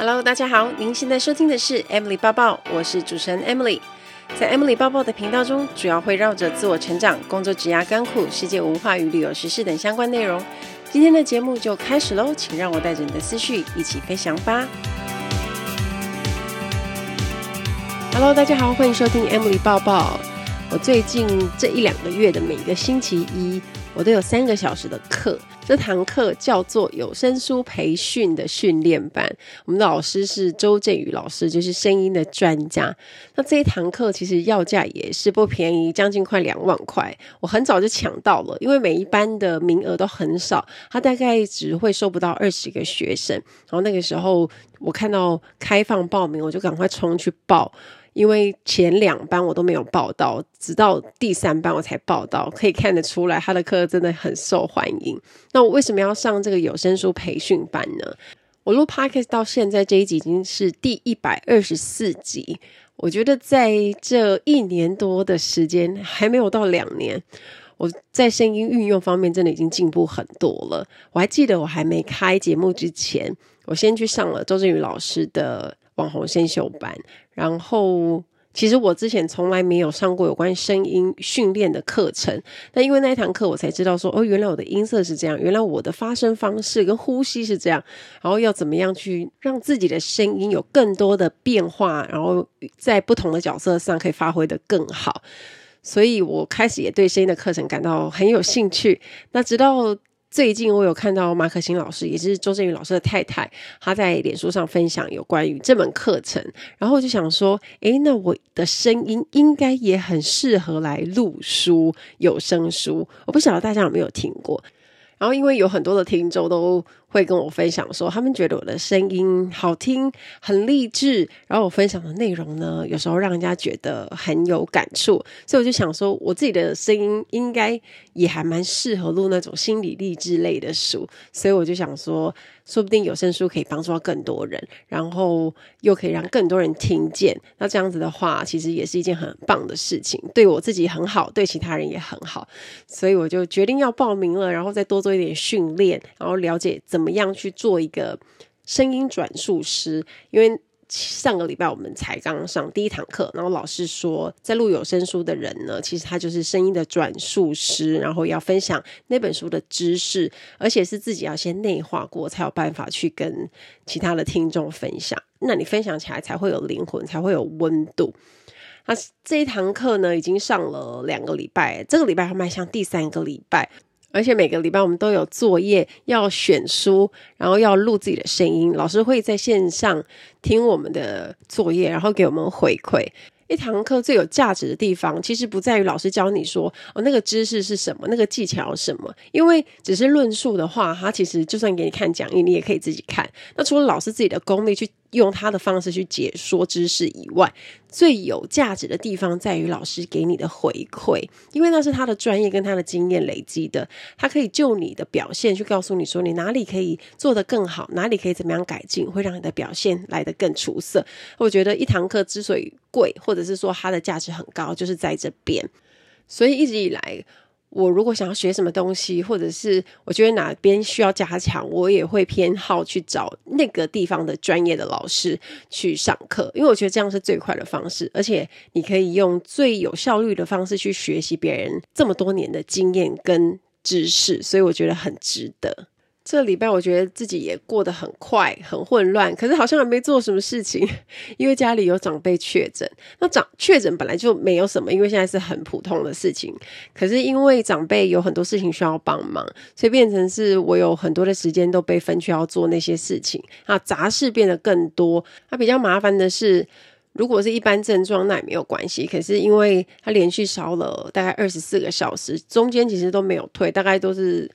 Hello，大家好，您現在收聽的是 Emily 報報，我是主持人 Emily。在 Emily 報報的頻道中，主要會繞着自我成長、工作、職涯、甘苦、世界文化與旅遊時事等相關內容。今天的節目就開始嘍，請讓我帶着你的思緒一起飛翔吧。Hello，大家好，歡迎收聽 Emily 報報。我最近這一兩個月的每個星期一，我都有三個小時的課。這堂課叫做有聲書培訓的訓練班，我們的老師是周振宇老師，就是聲音的專家。那這一堂課其實要價也是不便宜，將近快兩萬塊。我很早就搶到了，因為每一班的名額都很少，他大概只會收不到二十個學生。然後那個時候我看到開放報名，我就趕快衝去報。因為前兩班我都沒有報到，直到第三班我才報到，可以看得出來他的課真的很受歡迎。那我為什麼要上這個有聲書培訓班呢？我錄 podcast 到現在這一集已經是第一百二十四集，我覺得在這一年多的時間還沒有到兩年，我在聲音運用方面真的已經進步很多了。我還記得我還沒開節目之前，我先去上了周震宇老師的網紅先修班。然後，其實我之前從來沒有上過有關聲音訓練的課程，但因為那一堂課，我才知道說，哦，原來我的音色是這樣，原來我的發聲方式跟呼吸是這樣，然後要怎麼樣去讓自己的聲音有更多的變化，然後在不同的角色上可以發揮得更好，所以我開始也對聲音的課程感到很有興趣。那直到。最近我有看到馬可欣老師，也就是周震宇老師的太太，她在臉書上分享有關於這門課程，然後我就想說，誒，那我的聲音應該也很適合來錄書，有聲書，我不曉得大家有沒有聽過，然後因為有很多的聽眾都。會跟我分享說，他們覺得我的聲音好聽，很勵志。然後我分享的內容呢，有時候讓人家覺得很有感觸。所以我就想說，我自己的聲音應該也還蠻適合錄那種心理勵志類的書。所以我就想說，說不定有聲書可以幫助到更多人，然後又可以讓更多人聽見。那這樣子的話，其實也是一件很棒的事情，對我自己很好，對其他人也很好。所以我就決定要報名了，然後再多做一點訓練，然後了解怎麼樣。怎麼樣去做一個聲音轉述師？因為上個禮拜我們才剛上第一堂課，然後老師說，在錄有聲書的人呢，其實他就是聲音的轉述師，然後要分享那本書的知識，而且是自己要先內化過，才有辦法去跟其他的聽眾分享。那你分享起來才會有靈魂，才會有溫度。那、啊、這一堂課呢，已經上了兩個禮拜，這個禮拜還邁向第三個禮拜。而且每個禮拜我們都有作業要選書，然後要錄自己的聲音。老師會在線上聽我們的作業，然後給我們回饋。一堂課最有價值的地方，其實不在於老師教你說哦，那個知識是什麼，那個技巧是什麼，因為只是論述的話，它其實就算給你看講義，你也可以自己看。那除了老師自己的功力去，用他的方式去解說知識以外，最有價值的地方在於老師給你的回饋，因為那是他的專業跟他的經驗累積的。他可以就你的表現去告訴你說，你哪裡可以做得更好，哪裡可以怎麼樣改進，會讓你的表現來得更出色。我覺得一堂課之所以貴，或者是說它的價值很高，就是在這邊。所以一直以來。我如果想要學什麼東西，或者是我覺得哪邊需要加強，我也會偏好去找那個地方的專業的老師去上課，因為我覺得這樣是最快的方式，而且你可以用最有效率的方式去學習別人這麼多年的經驗跟知識，所以我覺得很值得。這個禮拜我覺得自己也過得很快，很混亂，可是好像還沒做什麼事情，因為家裡有長輩確診，那長確診本來就沒有什麼，因為現在是很普通的事情。可是因為長輩有很多事情需要幫忙，所以變成是我有很多的時間都被分去要做那些事情，啊，雜事變得更多。他，啊，比較麻煩的是，如果是一般症狀，那也沒有關係。可是因為他連續燒了大概二十四個小時，中間其實都沒有退，大概都是。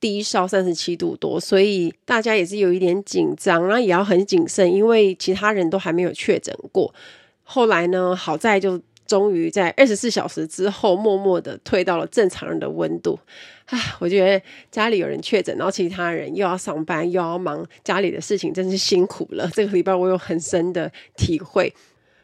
低燒三十七度多，所以大家也是有一點緊張，然後也要很謹慎，因為其他人都還沒有確診過。後來呢，好在就終於在二十四小時之後，默默的退到了正常人的溫度。啊，我覺得家裡有人確診，然後其他人又要上班，又要忙，家裡的事情真是辛苦了。這個禮拜我有很深的體會。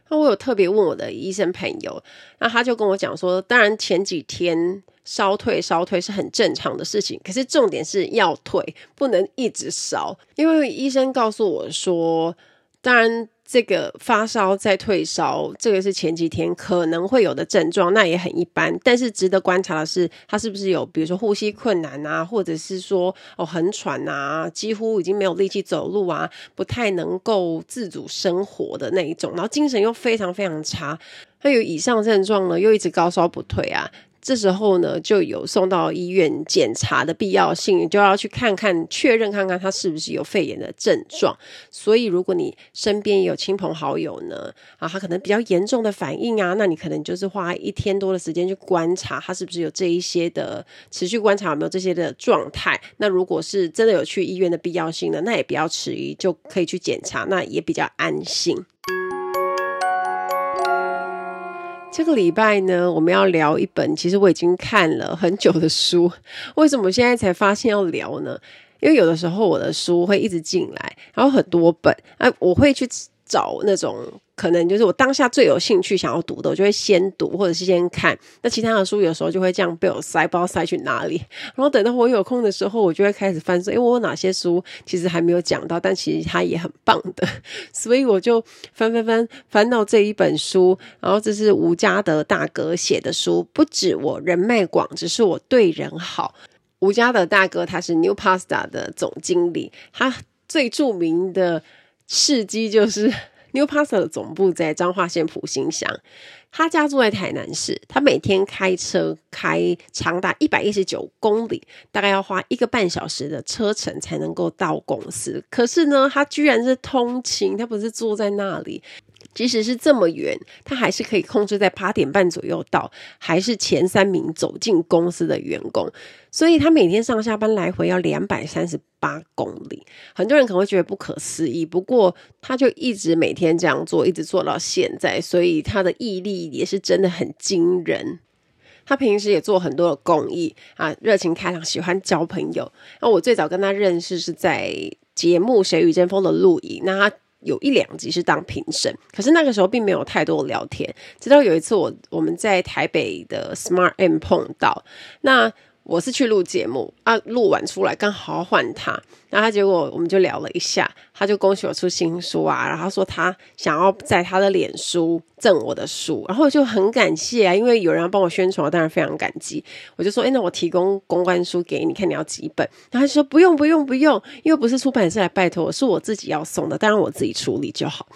那我有特別問我的醫生朋友，那他就跟我講說，當然前幾天。燒退燒退是很正常的事情，可是重點是要退，不能一直燒。因為醫生告訴我說，當然這個發燒再退燒，這個是前幾天可能會有的症狀，那也很一般。但是值得觀察的是，他是不是有比如說呼吸困難啊，或者是說哦很喘啊，幾乎已經沒有力氣走路啊，不太能夠自主生活的那一種，然後精神又非常非常差，還有以上症狀呢，又一直高燒不退啊。這時候呢，就有送到醫院檢查的必要性，你就要去看看確認看看他是不是有肺炎的症狀。所以，如果你身邊有親朋好友呢，啊，他可能比較嚴重的反應啊，那你可能就是花一天多的時間去觀察他是不是有這一些的持續觀察有沒有這些的狀態。那如果是真的有去醫院的必要性呢？那也不要遲疑，就可以去檢查，那也比較安心。這個禮拜呢，我們要聊一本，其實我已經看了很久的書。為什麼現在才發現要聊呢？因為有的時候我的書會一直進來，然後很多本，哎、啊，我會去找那種。可能就是我當下最有興趣想要讀的，我就會先讀或者是先看。那其他的書有時候就會這樣被我塞，不知道塞去哪裡，然後等到我有空的時候，我就會開始翻書。因為我有哪些書其實還沒有講到，但其實它也很棒的，所以我就翻翻翻翻到這一本書。然後這是吳家德大哥寫的書，不只我人脈廣，只是我對人好。吳家德大哥他是 New Pasta 的總經理，他最著名的事蹟就是。因為 NU PASTA 的總部在彰化縣埔心鄉，他家住在台南市，他每天開車開長達一百一十九公里，大概要花一個半小時的車程才能夠到公司。可是呢，他居然是通勤，他不是坐在那裡。即使是這麼遠，他還是可以控制在八點半左右到，還是前三名走進公司的員工。所以他每天上下班來回要兩百三十八公里，很多人可能會覺得不可思議。不過，他就一直每天這樣做，一直做到現在，所以他的毅力也是真的很驚人。他平時也做很多的公益啊，熱情開朗，喜歡交朋友。那、啊、我最早跟他認識是在節目《誰與爭鋒》的錄影，那他。有一兩集是當評審，可是那個時候並沒有太多聊天。直到有一次我，我我們在台北的 Smart M 碰到那。我是去錄節目啊，錄完出來剛好換他，然後他結果我們就聊了一下，他就恭喜我出新書啊，然後說他想要在他的臉書贈我的書，然後我就很感謝啊，因為有人要幫我宣傳，我當然非常感激。我就說，誒、欸，那我提供公關書給你，看你要幾本。然後他就說不用不用不用，因為不是出版社來拜托我，是我自己要送的，當然我自己處理就好。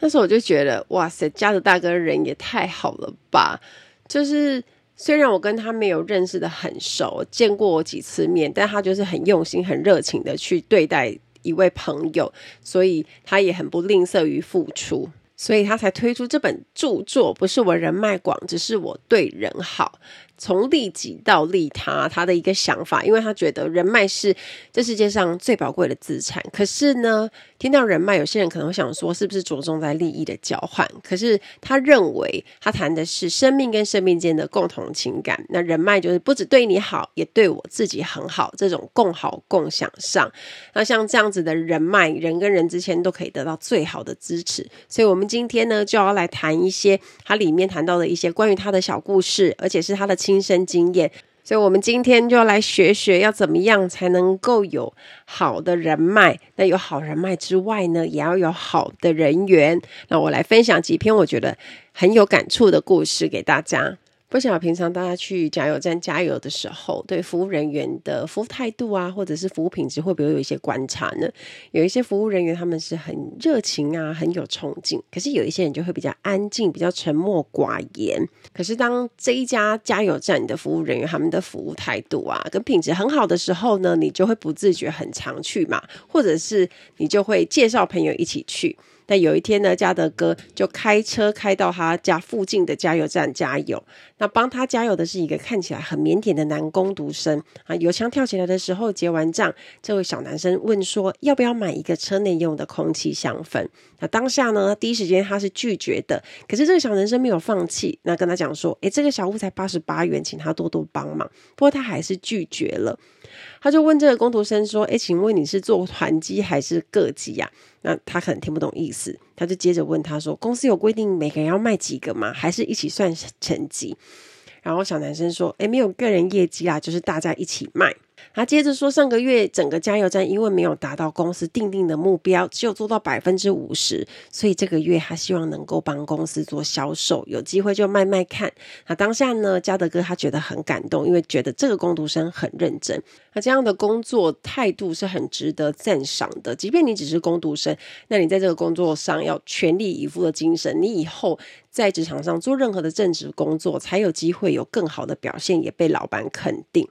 那時候我就覺得，哇塞，家德大哥人也太好了吧，就是。雖然我跟他沒有認識的很熟，見過我幾次面，但他就是很用心、很熱情的去對待一位朋友，所以他也很不吝嗇於付出，所以他才推出這本著作。不是我人脈廣，只是我對人好。從利己到利他，他的一個想法，因為他覺得人脈是這世界上最寶貴的資產。可是呢，聽到人脈，有些人可能會想說，是不是着重在利益的交換？可是他認為，他談的是生命跟生命間的共同情感。那人脈就是不止對你好，也對我自己很好，這種共好共享上。那像這樣子的人脈，人跟人之間都可以得到最好的支持。所以我們今天呢，就要來談一些他裡面談到的一些關於他的小故事，而且是他的。親身經驗，所以我們今天就要來學學要怎麼樣才能夠有好的人脈。那有好人脈之外呢，也要有好的人緣。那我來分享幾篇我覺得很有感觸的故事給大家。不曉得平常大家去加油站加油的時候，對服務人員的服務態度啊，或者是服務品質，會不會有一些觀察呢？有一些服務人員他們是很熱情啊，很有衝勁，可是有一些人就會比較安靜，比較沉默寡言。可是當這一家加油站的服務人員他們的服務態度啊，跟品質很好的時候呢，你就會不自覺很常去嘛，或者是你就會介紹朋友一起去。那有一天呢，家德哥就開車開到他家附近的加油站加油。那幫他加油的是一個看起來很靦腆的男工讀生啊。油槍跳起來的時候，結完賬，這位小男生問說：“要不要買一個車內用的空氣香氛？”當下呢，第一時間他是拒絕的。可是這個小男生沒有放棄，那跟他講說，誒，這個小物才八十八元，請他多多幫忙。不過他還是拒絕了。他就問這個工讀生說，誒，請問你是做團績還是個績呀？啊？那他可能聽不懂意思，他就接着問他說，公司有規定每個人要賣幾個嗎？還是一起算成績？然後小男生說，誒，沒有個人業績啊，就是大家一起賣。他接着說：“上個月整個加油站因為沒有達到公司訂定的目標，只有做到百分之五十，所以這個月他希望能夠幫公司做銷售，有機會就賣賣看。”那當下呢，家德哥他覺得很感動，因為覺得這個工讀生很認真。那這樣的工作態度是很值得讚賞的。即便你只是工讀生，那你在這個工作上要全力以赴的精神，你以後在職場上做任何的正職工作，才有機會有更好的表現，也被老板肯定。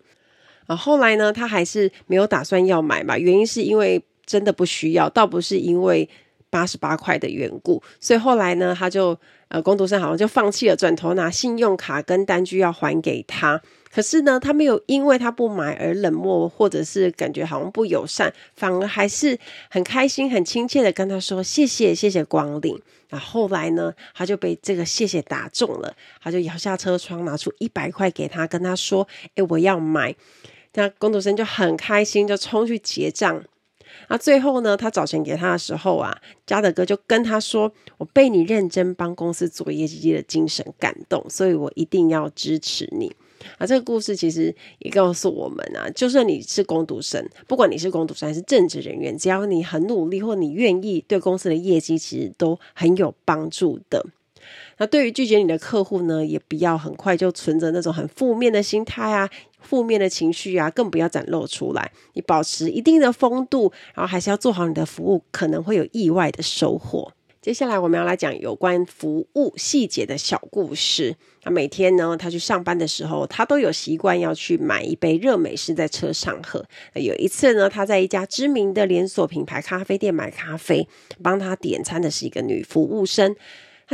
啊，後來呢，他還是沒有打算要買嘛，原因是因為真的不需要，倒不是因為八十八塊的緣故。所以後來呢，他就、呃、工讀生好像就放棄了，轉頭拿信用卡跟單據要還給他。可是呢，他沒有因為他不買而冷漠，或者是感覺好像不友善，反而還是很開心、很親切的跟他說謝謝，謝謝光臨。啊，後來呢，他就被這個謝謝打中了，他就搖下車窗，拿出一百塊給他，跟他說：“欸，我要買。”那工讀生就很開心，就衝去結賬。那、啊、最後呢，他找錢給他的時候啊，家德哥就跟他說：“我被你認真幫公司做業績的精神感動，所以我一定要支持你。”啊，這個故事其實也告訴我們啊，就算你是工讀生，不管你是工讀生還是正職人員，只要你很努力或你願意，對公司的業績其實都很有幫助的。那對於拒絕你的客戶呢，也不要很快就存着那種很負面的心態啊，負面的情緒啊，更不要展露出來。你保持一定的風度，然後還是要做好你的服務，可能會有意外的收穫。接下來我們要來講有關服務細節的小故事。那每天呢，他去上班的時候，他都有習慣要去買一杯熱美式在車上喝。有一次呢，他在一家知名的連鎖品牌咖啡店買咖啡，幫他點餐的是一個女服務生。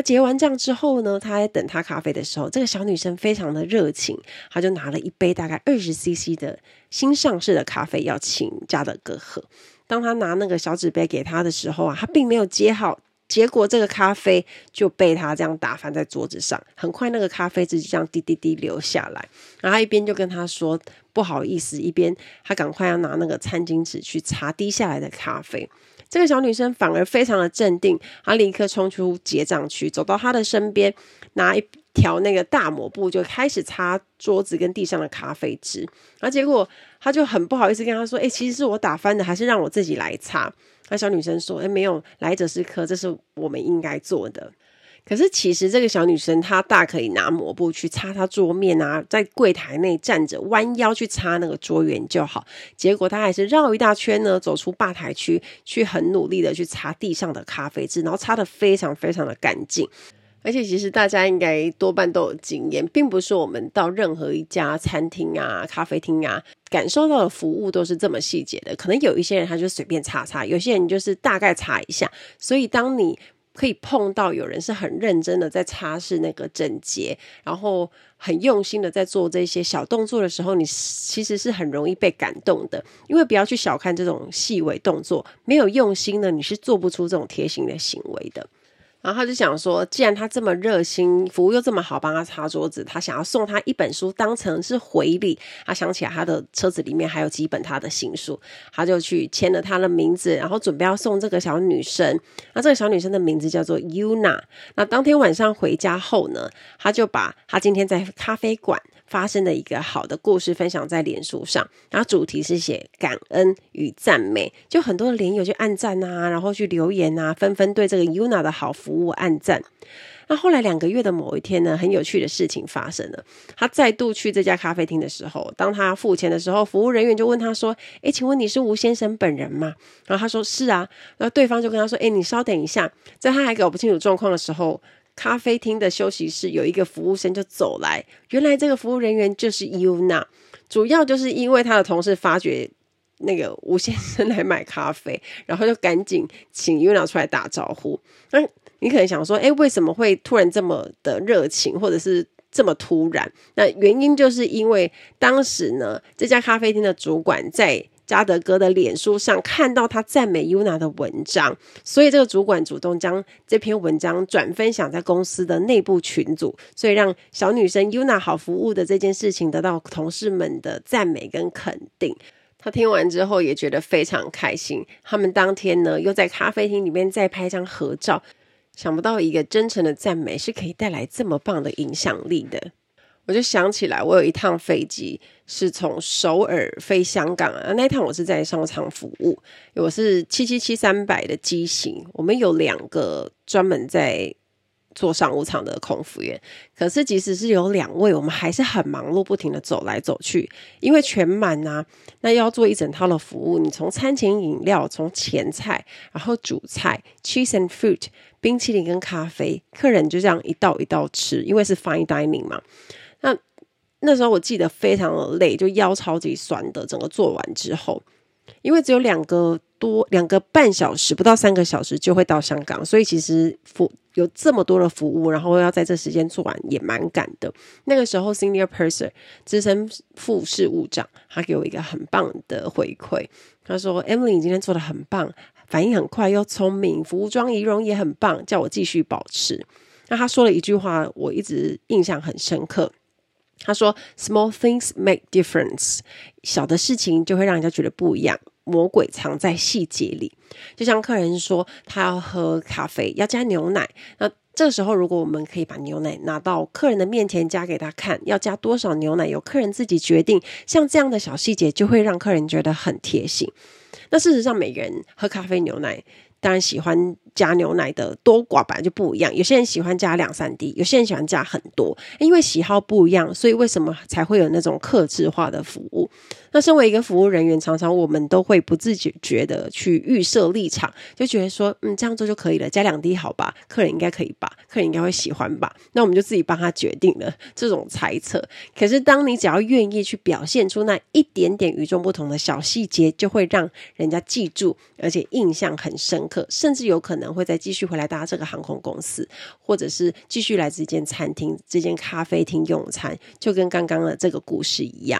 結完賬之後呢，他在等他咖啡的時候，這個小女生非常的熱情，她就拿了一杯大概二十 CC 的新上市的咖啡要請家德哥喝。當他拿那個小紙杯給他的時候啊，他並沒有接好，結果這個咖啡就被他這樣打翻在桌子上。很快，那個咖啡就這樣滴滴滴流下來，然後一邊就跟他說不好意思，一邊他趕快要拿那個餐巾紙去擦滴下來的咖啡。這個小女生反而非常的鎮定，她立刻衝出結賬區，走到她的身邊，拿一條那個大抹布就開始擦桌子跟地上的咖啡汁。而、啊、結果她就很不好意思跟她說：“哎、欸，其實是我打翻的，還是讓我自己來擦。啊”那小女生說：“哎、欸，沒有，來者是客，這是我們應該做的。”可是，其實這個小女生她大可以拿抹布去擦擦桌面啊，在櫃檯內站着彎腰去擦那個桌緣就好。結果她還是繞一大圈呢，走出吧台區去，很努力的去擦地上的咖啡漬，然後擦得非常非常的乾淨。而且，其實大家應該多半都有經驗，並不是我們到任何一家餐廳啊、咖啡廳啊，感受到的服務都是這麼細節的。可能有一些人他就隨便擦擦，有些人就是大概擦一下。所以，當你，可以碰到有人是很認真的在擦拭那個整潔，然後很用心的在做這些小動作的時候，你其實是很容易被感動的，因為不要去小看這種細微動作，沒有用心的你是做不出這種貼心的行為的。然後他就想說，既然他這麼熱心，服務又這麼好，幫他擦桌子，他想要送他一本書當成是回禮。他想起來他的車子裡面還有幾本他的新書，他就去簽了他的名字，然後準備要送這個小女生。那這個小女生的名字叫做 Yuna。那當天晚上回家後呢，他就把他今天在咖啡館。發生了一個好的故事，分享在臉書上，然後主題是寫感恩與讚美，就很多的臉友去按讚啊，然後去留言啊，紛紛對這個 UNA 的好服務按讚。那後，後來兩個月的某一天呢，很有趣的事情發生了，他再度去這家咖啡廳的時候，當他付錢的時候，服務人員就問他說：“哎，請問你是吳先生本人嗎？”然後他說：“是啊。”那對方就跟他說：“哎，你稍等一下，在他還搞不清楚狀況的時候。”咖啡廳的休息室有一個服務生就走來，原來這個服務人員就是 Yuna。主要就是因為他的同事發覺那個吳先生來買咖啡，然後就趕緊請 Yuna 出來打招呼。那、嗯、你可能想說，哎，為什麼會突然這麼的熱情，或者是這麼突然？那原因就是因為當時呢，這家咖啡廳的主管在。家德哥的臉書上看到他讚美 Yuna 的文章，所以這個主管主動將這篇文章轉分享在公司的內部群組，所以讓小女生 Yuna 好服務的這件事情得到同事們的讚美跟肯定。他聽完之後也覺得非常開心。他們當天呢又在咖啡廳裡面再拍一張合照，想不到一個真誠的讚美是可以帶來這麼棒的影響力的。我就想起來，我有一趟飛機是從首爾飛香港啊。那一趟我是在商務艙服務，我是七七七三百的機型。我們有兩個專門在做商務艙的空服員，可是即使是有兩位，我們還是很忙碌，不停地走來走去，因為全滿啊，那要做一整套的服務，你從餐前飲料，從前菜，然後主菜，cheese and fruit，冰淇淋跟咖啡，客人就這樣一道一道吃，因為是 fine dining 嘛。那那時候我記得非常的累，就腰超級酸的。整個做完之後，因為只有兩個多、兩個半小時不到三個小時就會到香港，所以其實服有這麼多的服務，然後要在這時間做完也蠻趕的。那個時候，Senior Purser，資深副事務長，他給我一個很棒的回饋，他說：“Emily，你今天做的很棒，反應很快又聰明，服裝儀容也很棒，叫我繼續保持。”那他說了一句話，我一直印象很深刻。他說：“Small things make difference，小的事情就會讓人家覺得不一樣。魔鬼藏在細節裡，就像客人說他要喝咖啡，要加牛奶。那這時候如果我們可以把牛奶拿到客人的面前加給他看，要加多少牛奶由客人自己決定，像這樣的小細節就會讓客人覺得很貼心。那事實上，每人喝咖啡牛奶。”當然，喜歡加牛奶的多寡本來就不一樣。有些人喜歡加兩三滴，有些人喜歡加很多，因為喜好不一樣，所以為什麼才會有那種客製化的服務。那身為一個服務人員，常常我們都會不自覺地去預設立場，就覺得說，嗯，這樣做就可以了，加兩滴好吧，客人應該可以吧，客人應該會喜歡吧，那我們就自己幫他決定了這種猜測。可是，當你只要願意去表現出那一點點與眾不同的小細節，就會讓人家記住，而且印象很深刻，甚至有可能會再繼續回來搭這個航空公司，或者是繼續來這間餐廳、這間咖啡廳用餐，就跟剛剛的這個故事一樣。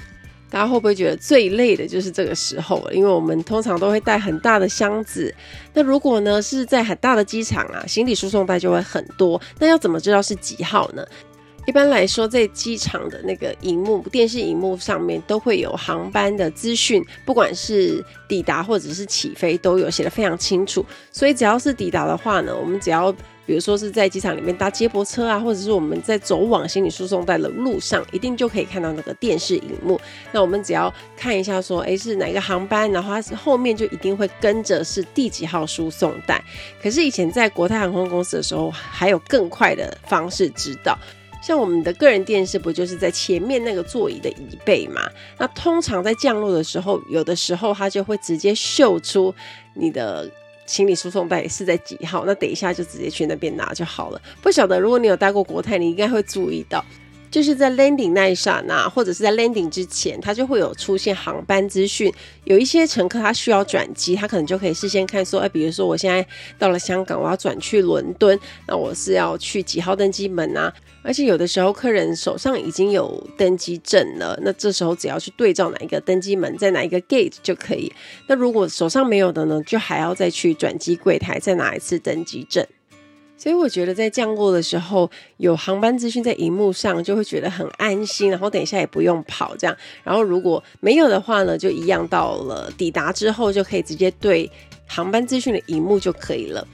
大家會不會覺得最累的就是這個時候？因為我們通常都會帶很大的箱子。那如果呢是在很大的機場啊，行李輸送帶就會很多。那要怎麼知道是幾號呢？一般來說，在機場的那個熒幕、電視熒幕上面都會有航班的資訊，不管是抵達或者是起飛，都有寫得非常清楚。所以只要是抵達的話呢，我們只要。比如說是在機場裡面搭接駁車啊，或者是我們在走往行李輸送帶的路上，一定就可以看到那個電視熒幕。那我們只要看一下說，說誒是哪個航班，然後它是後面就一定會跟着是第幾號輸送帶。可是以前在國泰航空公司的時候，還有更快的方式知道，像我們的個人電視，不就是在前面那個座椅的椅背嘛？那通常在降落的時候，有的時候它就會直接秀出你的。行李輸送帶是在幾號？那等一下就直接去那邊拿就好了。不曉得，如果你有搭過國泰，你應該會注意到。就是在 landing 那一剎那啊，或者是在 landing 之前，它就會有出現航班資訊。有一些乘客他需要轉機，他可能就可以事先看說，哎、呃，比如說我現在到了香港，我要轉去倫敦，那我是要去幾號登機門啊？而且有的時候客人手上已經有登機證了，那這時候只要去對照哪一個登機門在哪一個 gate 就可以。那如果手上沒有的呢，就還要再去轉機櫃檯再拿一次登機證。所以我覺得在降落的時候有航班資訊在熒幕上，就會覺得很安心，然後等一下也不用跑這樣。然後如果沒有的話呢，就一樣到了抵達之後，就可以直接對航班資訊的熒幕就可以了。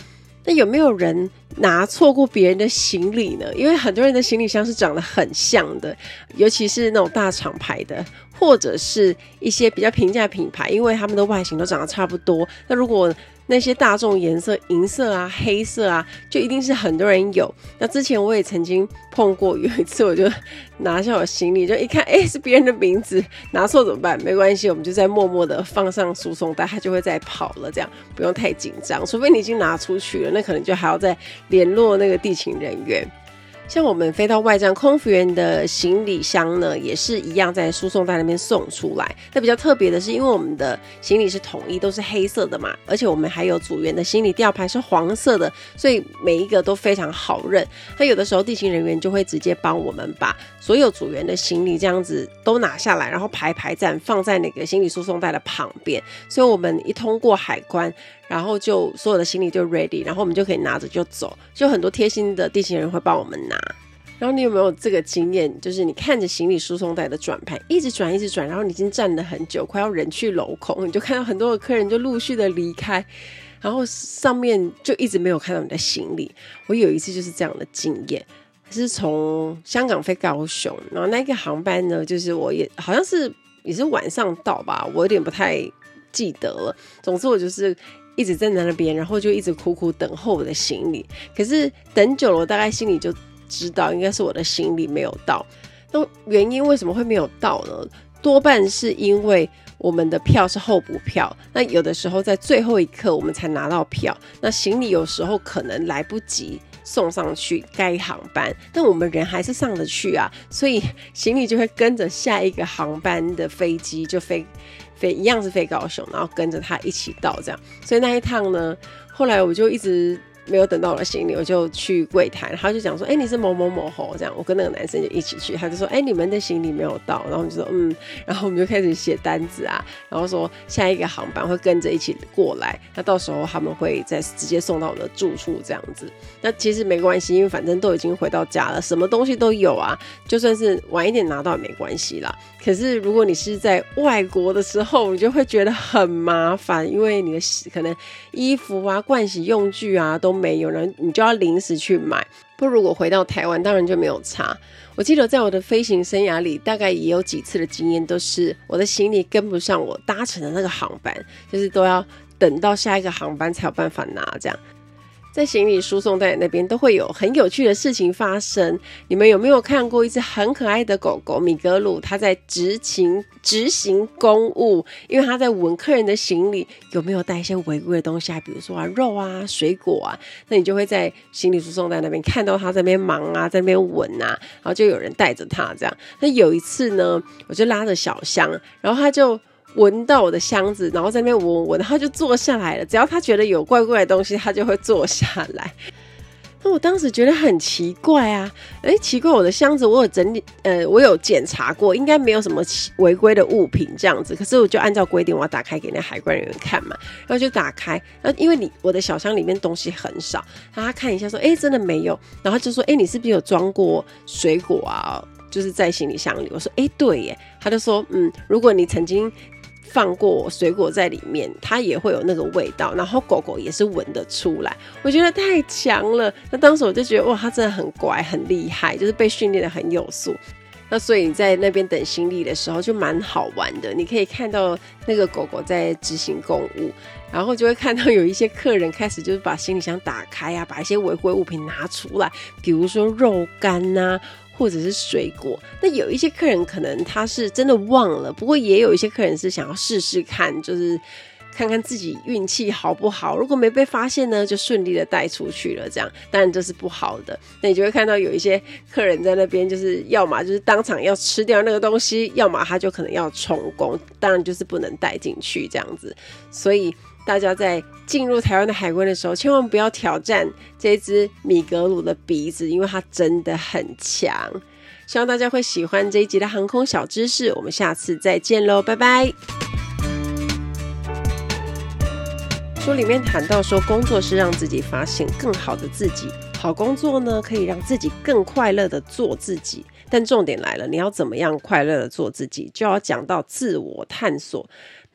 那有沒有人拿錯過別人的行李呢？因為很多人的行李箱是長得很像的，尤其是那種大廠牌的，或者是一些比較平價品牌，因為他們的外形都長得差不多。那如果那些大眾顏色，銀色啊、黑色啊，就一定是很多人有。那之前我也曾經碰過，有一次我就拿下我行李，就一看，哎、欸，是別人的名字，拿錯怎麼辦？沒關係，我們就再默默的放上輸送帶，它就會再跑了，這樣不用太緊張。除非你已經拿出去了，那可能就還要再聯絡那個地勤人員。像我們飛到外站，空服員的行李箱呢，也是一樣在輸送帶那邊送出來。那比較特別的是，因為我們的行李是統一都是黑色的嘛，而且我們還有組員的行李吊牌，是黃色的，所以每一個都非常好認。那有的時候地勤人員就會直接幫我們把所有組員的行李這樣子都拿下來，然後排排站放在那個行李輸送帶的旁邊。所以我們一通過海關，然後就所有的行李就 ready，然後我們就可以拿着就走。就很多貼心的地勤人會幫我們拿。然後你有沒有這個經驗？就是你看着行李輸送帶的轉盤一直轉，一直轉，然後你已經站了很久，快要人去樓空，你就看到很多的客人就陸續的離開，然後上面就一直沒有看到你的行李。我有一次就是這樣的經驗，是從香港飛高雄，然後那個航班呢，就是我也好像是也是晚上到吧，我有點不太記得了。總之我就是。一直站在那邊，然後就一直苦苦等候我的行李。可是等久了，我大概心裡就知道，應該是我的行李沒有到。那原因為什麼會沒有到呢？多半是因為我們的票是候補票，那有的時候在最後一刻我們才拿到票，那行李有時候可能來不及送上去該航班，但我們人還是上得去啊，所以行李就會跟着下一個航班的飛機就飛。飛一樣是飛高雄，然後跟着他一起到這樣，所以那一趟呢，後來我就一直沒有等到我的行李，我就去櫃檯，他就講說，哎、欸，你是某某某吼，這樣，我跟那個男生就一起去，他就說，哎、欸，你們的行李沒有到，然後我們就說，嗯，然後我們就開始寫單子啊，然後說下一個航班會跟着一起過來，那到時候他們會再直接送到我的住處這樣子，那其實沒關係，因為反正都已經回到家了，什麼東西都有啊，就算是晚一點拿到也沒關係啦。可是，如果你是在外國的時候，你就會覺得很麻煩，因為你的可能衣服啊、盥洗用具啊都沒有了，然後你就要臨時去買。不，如果回到台灣，當然就沒有差。我記得我在我的飛行生涯裡，大概也有幾次的經驗，都是我的行李跟不上我搭乘的那個航班，就是都要等到下一個航班才有辦法拿這樣。在行李輸送帶那邊都會有很有趣的事情發生。你們有沒有看過一隻很可愛的狗狗米格魯？它在執勤執行公務，因為它在聞客人的行李有沒有帶一些違規的東西啊，比如說啊肉啊、水果啊。那你就會在行李輸送帶那邊看到它在那邊忙啊，在那邊聞啊，然後就有人帶着它這樣。那有一次呢，我就拉着小箱，然後它就。聞到我的箱子，然後在那邊聞聞，然後就坐下來了。只要他覺得有怪怪的東西，他就會坐下來。那我當時覺得很奇怪啊，誒，奇怪，我的箱子我有整理，呃，我有檢查過，應該沒有什麼違規的物品這樣子。可是我就按照規定，我要打開給那海關人員看嘛，然後就打開，然後因為你我的小箱裡面東西很少，然後他看一下說，誒，真的沒有。然後就說，誒，你是不是有裝過水果啊？就是在行李箱裡。我說，誒，對耶。他就說，嗯，如果你曾經。放過水果在裡面，它也會有那個味道，然後狗狗也是聞得出來。我覺得太強了，那當時我就覺得哇，它真的很乖，很厲害，就是被訓練得很有素。那所以你在那邊等行李的時候就蠻好玩的，你可以看到那個狗狗在執行公務，然後就會看到有一些客人開始就是把行李箱打開啊，把一些違規物品拿出來，比如說肉乾吶、啊。或者是水果，那有一些客人可能他是真的忘了，不過也有一些客人是想要試試看，就是看看自己運氣好不好。如果沒被發現呢，就順利的帶出去了，這樣當然這是不好的。那你就會看到有一些客人在那邊，就是要麼就是當場要吃掉那個東西，要麼他就可能要充公，當然就是不能帶進去這樣子，所以。大家在進入台灣的海關的時候，千萬不要挑戰這隻米格魯的鼻子，因為它真的很強。希望大家會喜歡這一集的航空小知識，我們下次再見嘍，拜拜。書裡面談到說，工作是讓自己發現更好的自己，好工作呢可以讓自己更快樂的做自己。但重點來了，你要怎麼樣快樂的做自己，就要講到自我探索。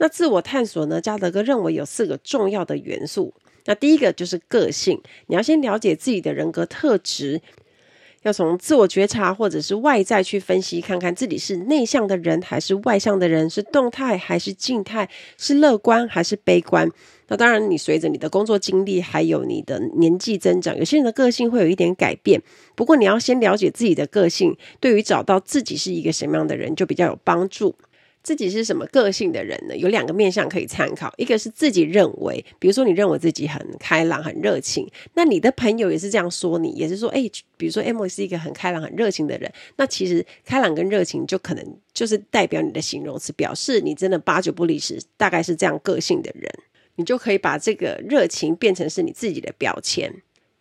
那自我探索呢？家德哥認為有四個重要的元素。那第一個就是個性，你要先了解自己的人格特質，要從自我覺察或者是外在去分析，看看自己是內向的人還是外向的人，是動態還是靜態，是樂觀還是悲觀。那當然，你隨着你的工作經歷還有你的年紀增長，有些人的個性會有一點改變。不過，你要先了解自己的個性，對於找到自己是一個什麼樣的人，就比較有幫助。自己是什麼個性的人呢？有兩個面向可以參考，一個是自己認為，比如說你認為自己很開朗、很熱情，那你的朋友也是這樣說你，也是說，哎，比如說 M 是一個很開朗、很熱情的人，那其實開朗跟熱情就可能就是代表你的形容詞，表示你真的八九不離十，大概是這樣個性的人，你就可以把這個熱情變成是你自己的標籤。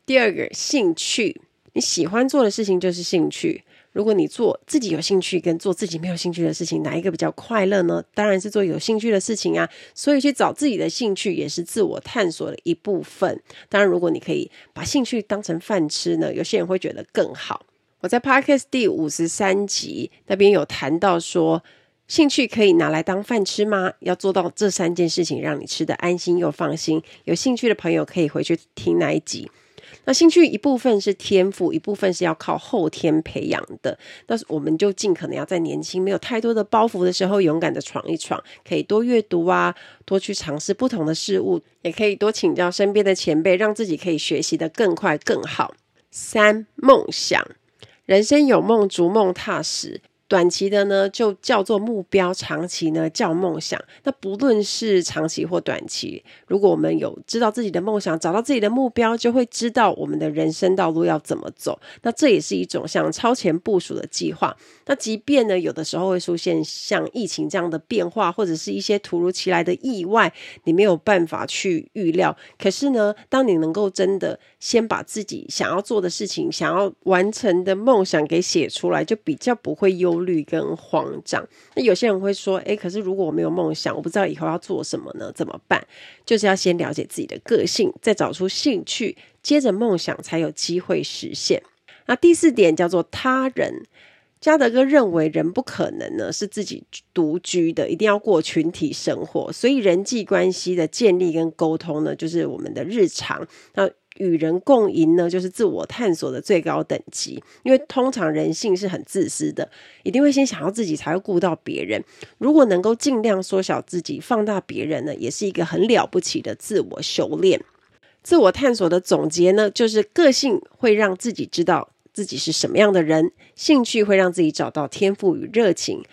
第二個興趣，你喜歡做的事情就是興趣。如果你做自己有興趣跟做自己沒有興趣的事情，哪一個比較快樂呢？當然是做有興趣的事情啊。所以去找自己的興趣也是自我探索的一部分。當然，如果你可以把興趣當成飯吃呢，有些人會覺得更好。我在 Podcast 第五十三集那邊有談到說，興趣可以拿來當飯吃嗎？要做到這三件事情，讓你吃得安心又放心。有興趣的朋友可以回去聽那一集。那興趣一部分是天賦，一部分是要靠後天培養的。但是我們就盡可能要在年輕、沒有太多的包袱的時候，勇敢的闖一闖，可以多閱讀啊，多去嘗試不同的事物，也可以多請教身邊的前輩，讓自己可以學習得更快更好。三、夢想，人生有夢，逐夢踏實。短期的呢，就叫做目標；長期呢，叫夢想。那不論是長期或短期，如果我們有知道自己的夢想，找到自己的目標，就會知道我們的人生道路要怎麼走。那這也是一種像超前部署的計劃。那即便呢，有的時候會出現像疫情這樣的變化，或者是一些突如其來的意外，你沒有辦法去預料。可是呢，當你能夠真的先把自己想要做的事情、想要完成的夢想給寫出來，就比較不會憂。慮跟慌張，那有些人會說：“誒、欸，可是如果我沒有夢想，我不知道以後要做什麼呢？怎麼辦？”就是要先了解自己的個性，再找出興趣，接着夢想才有機會實現。那第四點叫做他人，家德哥認為人不可能呢是自己獨居的，一定要過群體生活，所以人際關係的建立跟溝通呢，就是我們的日常。那與人共贏呢，就是自我探索的最高等級。因為通常人性是很自私的，一定會先想要自己，才會顧到別人。如果能夠盡量縮小自己，放大別人呢，也是一個很了不起的自我修煉。自我探索的總結呢，就是個性會讓自己知道自己是什麼樣的人，興趣會讓自己找到天賦與熱情，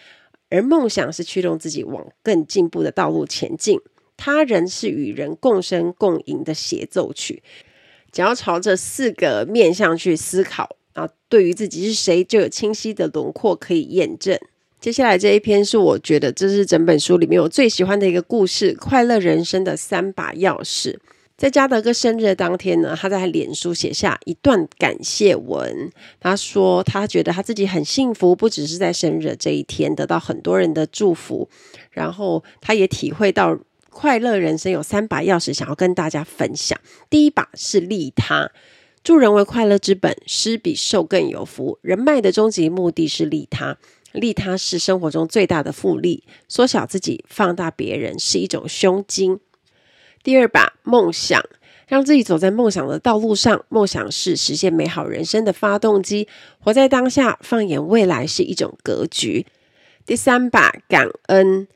而夢想是驅動自己往更進步的道路前進。他人是與人共生共贏的協奏曲。只要朝着四個面向去思考，啊，對於自己是誰就有清晰的輪廓可以驗證。接下來這一篇是我覺得這是整本書裡面我最喜歡的一個故事，《快樂人生的三把鑰匙》。在家德哥生日的當天呢，他在他臉書寫下一段感謝文，他說他覺得他自己很幸福，不只是在生日的這一天得到很多人的祝福，然後他也體會到。快樂人生有三把鑰匙，想要跟大家分享。第一把是利他，助人為快樂之本，施比受更有福。人脈的終極目的是利他，利他是生活中最大的複利。縮小自己，放大別人，是一種胸襟。第二把，夢想，讓自己走在夢想的道路上。夢想是實現美好人生的發動機。活在當下，放眼未來，是一種格局。第三把感恩。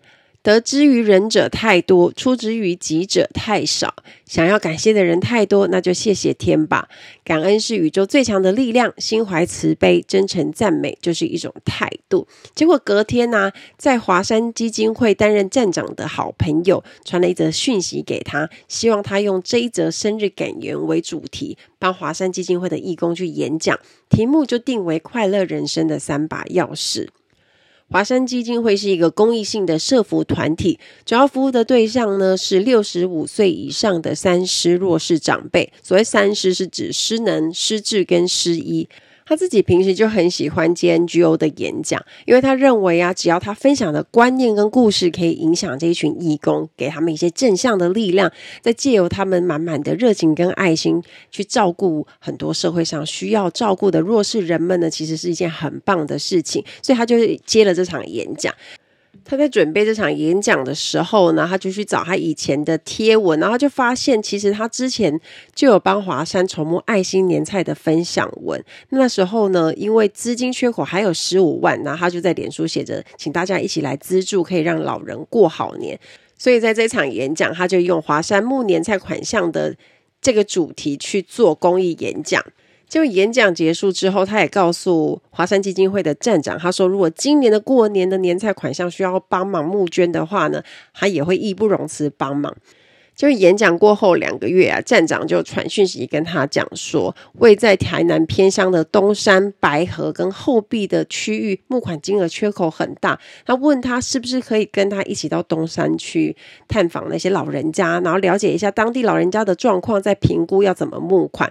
得之於人者太多，出之於己者太少。想要感謝的人太多，那就謝謝天吧。感恩是宇宙最強的力量，心懷慈悲、真誠讚美，就是一種態度。結果隔天呢、啊，在華山基金會擔任站長的好朋友傳了一則訊息給他，希望他用這一則生日感言為主題，幫華山基金會的義工去演講，題目就定為《快樂人生的三把鑰匙》。華山基金會是一個公益性的社福團體，主要服務的對象呢是六十五歲以上的三失弱勢長輩。所謂三失是指失能、失智跟失依。他自己平時就很喜歡接 NGO 的演講，因為他認為啊，只要他分享的觀念跟故事可以影響這一群義工，給他們一些正向的力量，再借由他們滿滿的熱情跟愛心去照顧很多社會上需要照顧的弱勢人們呢，其實是一件很棒的事情，所以他就接了這場演講。他在準備這場演講的時候呢，他就去找他以前的貼文，然後他就發現其實他之前就有幫華山籌募愛心年菜的分享文。那時候呢，因為資金缺口還有十五萬，然後他就在臉書寫着，請大家一起來資助，可以讓老人過好年。所以在這場演講，他就用華山募年菜款項的這個主題去做公益演講。就演講結束之後，他也告訴華山基金會的站長，他說：“如果今年的過年的年菜款項需要幫忙募捐的話呢，他也會義不容辭幫忙。”就演講過後兩個月啊，站長就傳訊息跟他講說，位在台南偏鄉的東山、白河跟後壁的區域募款金額缺口很大，他問他是不是可以跟他一起到東山區探訪那些老人家，然後了解一下當地老人家的狀況，再評估要怎麼募款。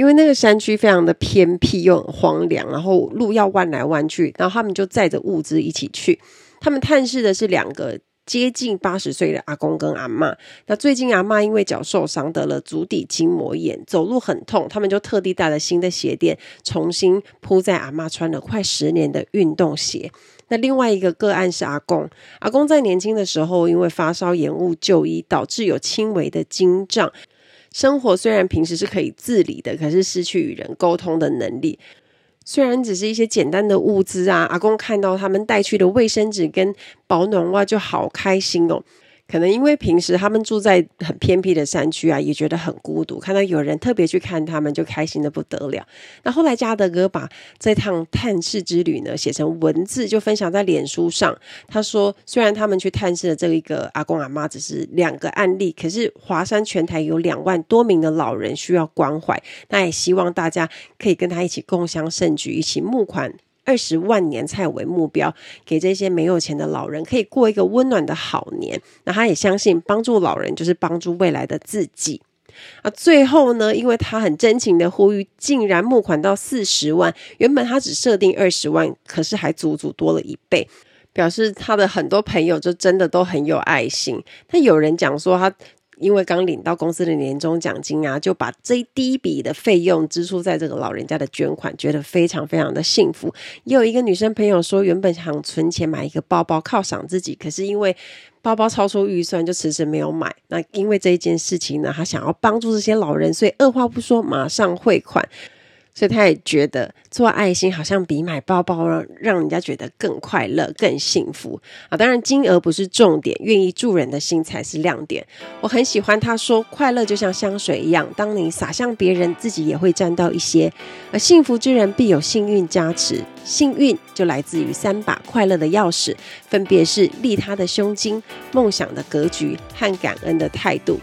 因為那個山區非常的偏僻又很荒涼，然後路要彎來彎去，然後他們就載着物資一起去。他們探視的是兩個接近八十歲的阿公跟阿嬤。那最近阿嬤因為腳受傷得了足底筋膜炎，走路很痛，他們就特地帶了新的鞋墊，重新鋪在阿嬤穿了快十年的運動鞋。那另外一個個案是阿公，阿公在年輕的時候因為發燒延誤就醫，導致有輕微的筋脹。生活雖然平時是可以自理的，可是失去與人溝通的能力。雖然只是一些簡單的物資啊，阿公看到他們帶去的衛生紙跟保暖襪，啊，就好開心哦。可能因為平時他們住在很偏僻的山區啊，也覺得很孤獨。看到有人特別去看他們，就開心得不得了。那後來家德哥把這趟探視之旅呢寫成文字，就分享在臉書上。他說，雖然他們去探視的這一個阿公阿媽只是兩個案例，可是華山全台有兩萬多名的老人需要關懷。那也希望大家可以跟他一起共襄盛舉，一起募款。二十萬年菜為目標，給這些沒有錢的老人可以過一個溫暖的好年。那他也相信幫助老人就是幫助未來的自己。啊，最後呢，因為他很真情的呼籲，竟然募款到四十萬，原本，他只設定二十萬，可是還足足多了一倍，表示他的很多朋友就真的都很有愛心。那有人講說他。因為剛領到公司的年終獎金啊，就把這第一筆的費用支出在這個老人家的捐款，覺得非常非常的幸福。也有一個女生朋友說，原本想存錢買一個包包犒賞自己，可是因為包包超出預算，就遲遲沒有買。那因為這一件事情呢，她想要幫助這些老人，所以二話不說，馬上匯款。所以他也覺得做愛心好像比買包包讓讓人家覺得更快樂、更幸福啊！當然金額不是重點，願意助人的心才是亮點。我很喜歡他說：“快樂就像香水一樣，當你撒向別人，自己也會沾到一些。”而幸福之人必有幸運加持，幸運就來自於三把快樂的鑰匙，分別是利他的胸襟、夢想的格局和感恩的態度。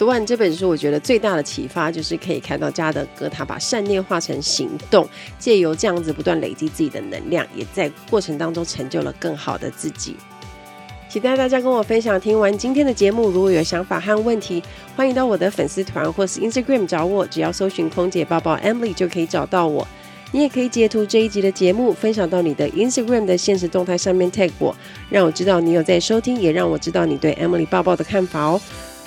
讀完這本書，我覺得最大的啟發就是可以看到家德哥他把善念化成行動，借由這樣子不斷累積自己的能量，也在過程當中成就了更好的自己。期待大家跟我分享。聽完今天的節目，如果有想法和問題，歡迎到我的粉絲團或是 Instagram 找我，只要搜尋空姐報報 Emily 就可以找到我。你也可以截圖這一集的節目，分享到你的 Instagram 的限時動態上面 tag 我，讓我知道你有在收聽，也讓我知道你對 Emily 報報的看法哦。